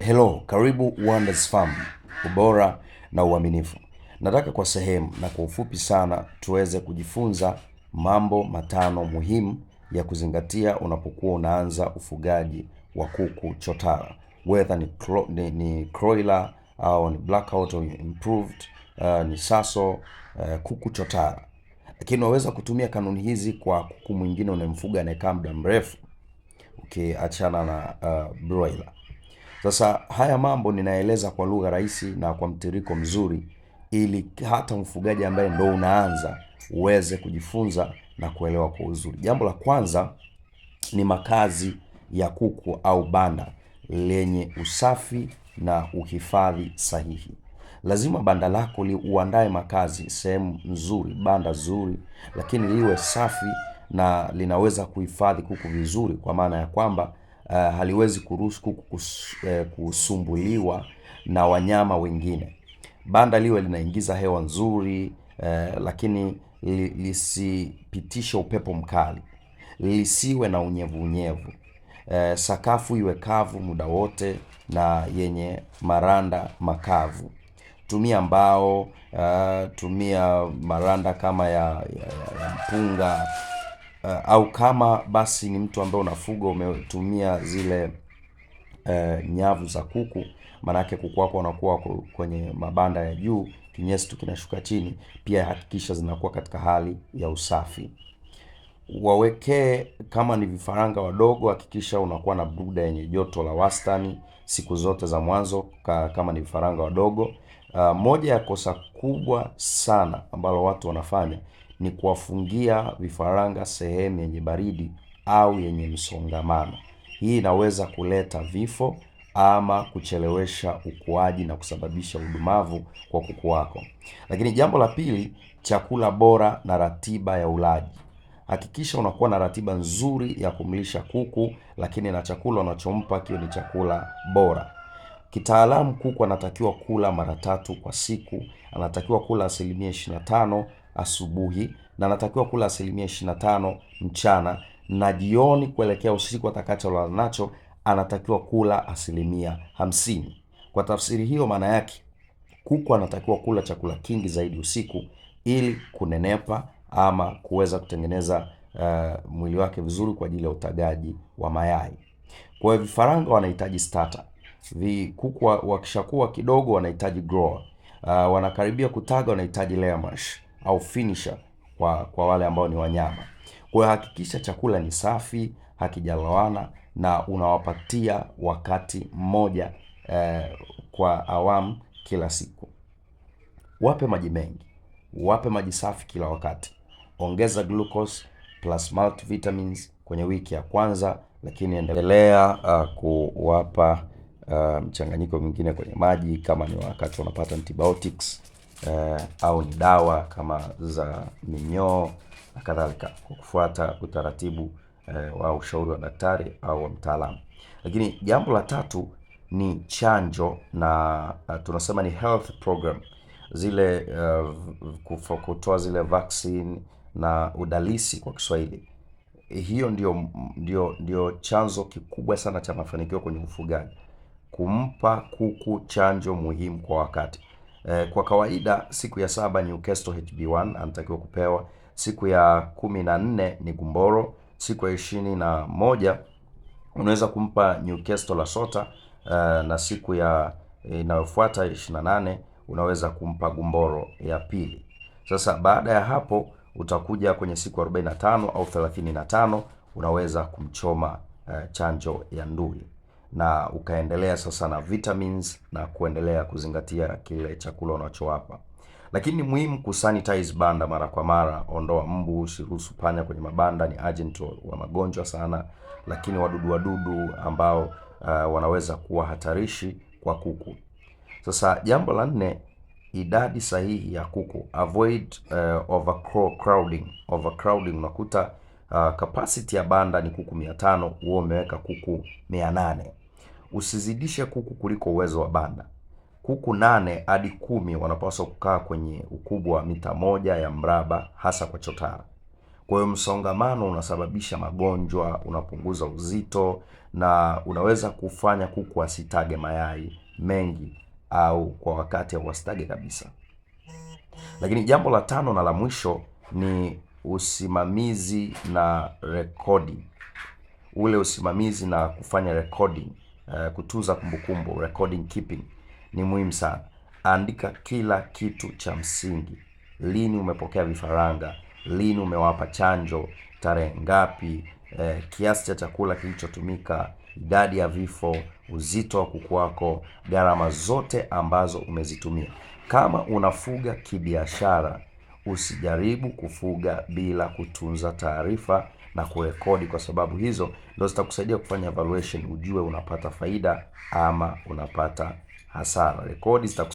Hello, karibu Wonders Farm, ubora na uaminifu. Nataka kwa sehemu na kwa ufupi sana tuweze kujifunza mambo matano muhimu ya kuzingatia unapokuwa unaanza ufugaji wa kuku chotara, whether ni cro ni, ni croiler au ni blackout au improved uh, ni saso uh, kuku chotara. Lakini unaweza kutumia kanuni hizi kwa kuku mwingine unayemfuga anayekaa muda mrefu ukiachana okay, na uh, broiler sasa haya mambo ninaeleza kwa lugha rahisi na kwa mtiririko mzuri, ili hata mfugaji ambaye ndo unaanza uweze kujifunza na kuelewa kwa uzuri. Jambo la kwanza ni makazi ya kuku au banda lenye usafi na uhifadhi sahihi. Lazima banda lako liuandae makazi sehemu nzuri, banda zuri, lakini liwe safi na linaweza kuhifadhi kuku vizuri, kwa maana ya kwamba uh, haliwezi kuruhusu kuku eh, kusumbuliwa na wanyama wengine. Banda liwe linaingiza hewa nzuri uh, lakini lisipitishe upepo mkali, lisiwe na unyevu uh, sakafu iwe kavu muda wote na yenye maranda makavu. Tumia mbao uh, tumia maranda kama ya, ya, ya mpunga uh, au kama basi ni mtu ambaye unafuga umetumia zile uh, nyavu za kuku, maanake kuku wako wanakuwa kwenye mabanda ya juu, kinyesi tu kinashuka chini. Pia hakikisha zinakuwa katika hali ya usafi. Wawekee kama ni vifaranga wadogo, hakikisha unakuwa na bruda yenye joto la wastani siku zote za mwanzo ka, kama ni vifaranga wadogo. Uh, moja ya kosa kubwa sana ambalo watu wanafanya ni kuwafungia vifaranga sehemu yenye baridi au yenye msongamano. Hii inaweza kuleta vifo ama kuchelewesha ukuaji na kusababisha udumavu kwa kuku wako. Lakini jambo la pili, chakula bora na ratiba ya ulaji. Hakikisha unakuwa na ratiba nzuri ya kumlisha kuku, lakini na chakula unachompa kiwe ni chakula bora. Kitaalamu, kuku anatakiwa kula mara tatu kwa siku, anatakiwa kula asilimia asubuhi na natakiwa kula asilimia 25 mchana na jioni kuelekea usiku atakacholala nacho anatakiwa kula asilimia hamsini. Kwa tafsiri hiyo, maana yake kuku anatakiwa kula chakula kingi zaidi usiku ili kunenepa ama kuweza kutengeneza uh, mwili wake vizuri kwa ajili ya utagaji wa mayai. Kwa hiyo vifaranga wanahitaji starter. Vikuku wakishakuwa kidogo wanahitaji grower. Uh, wanakaribia kutaga wanahitaji layer mash au finisher kwa, kwa wale ambao ni wanyama. Kwa hiyo hakikisha chakula ni safi, hakijalowana na unawapatia wakati mmoja eh, kwa awamu kila siku. Wape maji mengi, wape maji safi kila wakati. Ongeza glucose plus multivitamins kwenye wiki ya kwanza, lakini endelea uh, kuwapa uh, mchanganyiko mwingine kwenye maji kama ni wakati wanapata antibiotics eh, au ni dawa kama za minyoo na kadhalika, kwa kufuata utaratibu eh, wa ushauri wa daktari au wa mtaalamu. Lakini jambo la tatu ni chanjo na uh, tunasema ni health program zile uh, kutoa zile vaccine na udalisi kwa Kiswahili. Hiyo ndio, ndio, ndio chanzo kikubwa sana cha mafanikio kwenye ufugaji, kumpa kuku chanjo muhimu kwa wakati. Eh, kwa kawaida siku ya saba Newcastle HB1 anatakiwa kupewa, siku ya kumi na nne ni Gumboro, siku ya ishirini na moja unaweza kumpa Newcastle Sota uh, na siku ya eh, inayofuata ishirini na nane unaweza kumpa Gumboro ya pili. Sasa baada ya hapo utakuja kwenye siku 45 au 35 unaweza kumchoma uh, chanjo ya ndui na ukaendelea sasa na vitamins na kuendelea kuzingatia kile chakula unachowapa. Lakini ni muhimu kusanitize banda mara kwa mara. Ondoa mbu, usiruhusu panya kwenye mabanda, ni agent wa magonjwa sana, lakini wadudu wadudu ambao uh, wanaweza kuwa hatarishi kwa kuku. Sasa jambo la nne, idadi sahihi ya kuku. Avoid uh, overcrowding. Overcrowding unakuta uh, capacity ya banda ni kuku mia tano, umeweka kuku 800. Usizidishe kuku kuliko uwezo wa banda. Kuku nane hadi kumi wanapaswa kukaa kwenye ukubwa wa mita moja ya mraba hasa kwa chotara. Kwa hiyo msongamano unasababisha magonjwa, unapunguza uzito na unaweza kufanya kuku asitage mayai mengi au kwa wakati au wasitage kabisa. Lakini jambo la tano na la mwisho ni usimamizi na recording, ule usimamizi na kufanya recording, uh, kutunza kumbukumbu, recording keeping ni muhimu sana. Andika kila kitu cha msingi: lini umepokea vifaranga, lini umewapa chanjo, tarehe ngapi, eh, kiasi cha chakula kilichotumika, idadi ya vifo, uzito wa kuku wako, gharama zote ambazo umezitumia. Kama unafuga kibiashara usijaribu kufuga bila kutunza taarifa na kurekodi, kwa sababu hizo ndo zitakusaidia kufanya valuation, ujue unapata faida ama unapata hasara. Rekodi zitakusaidia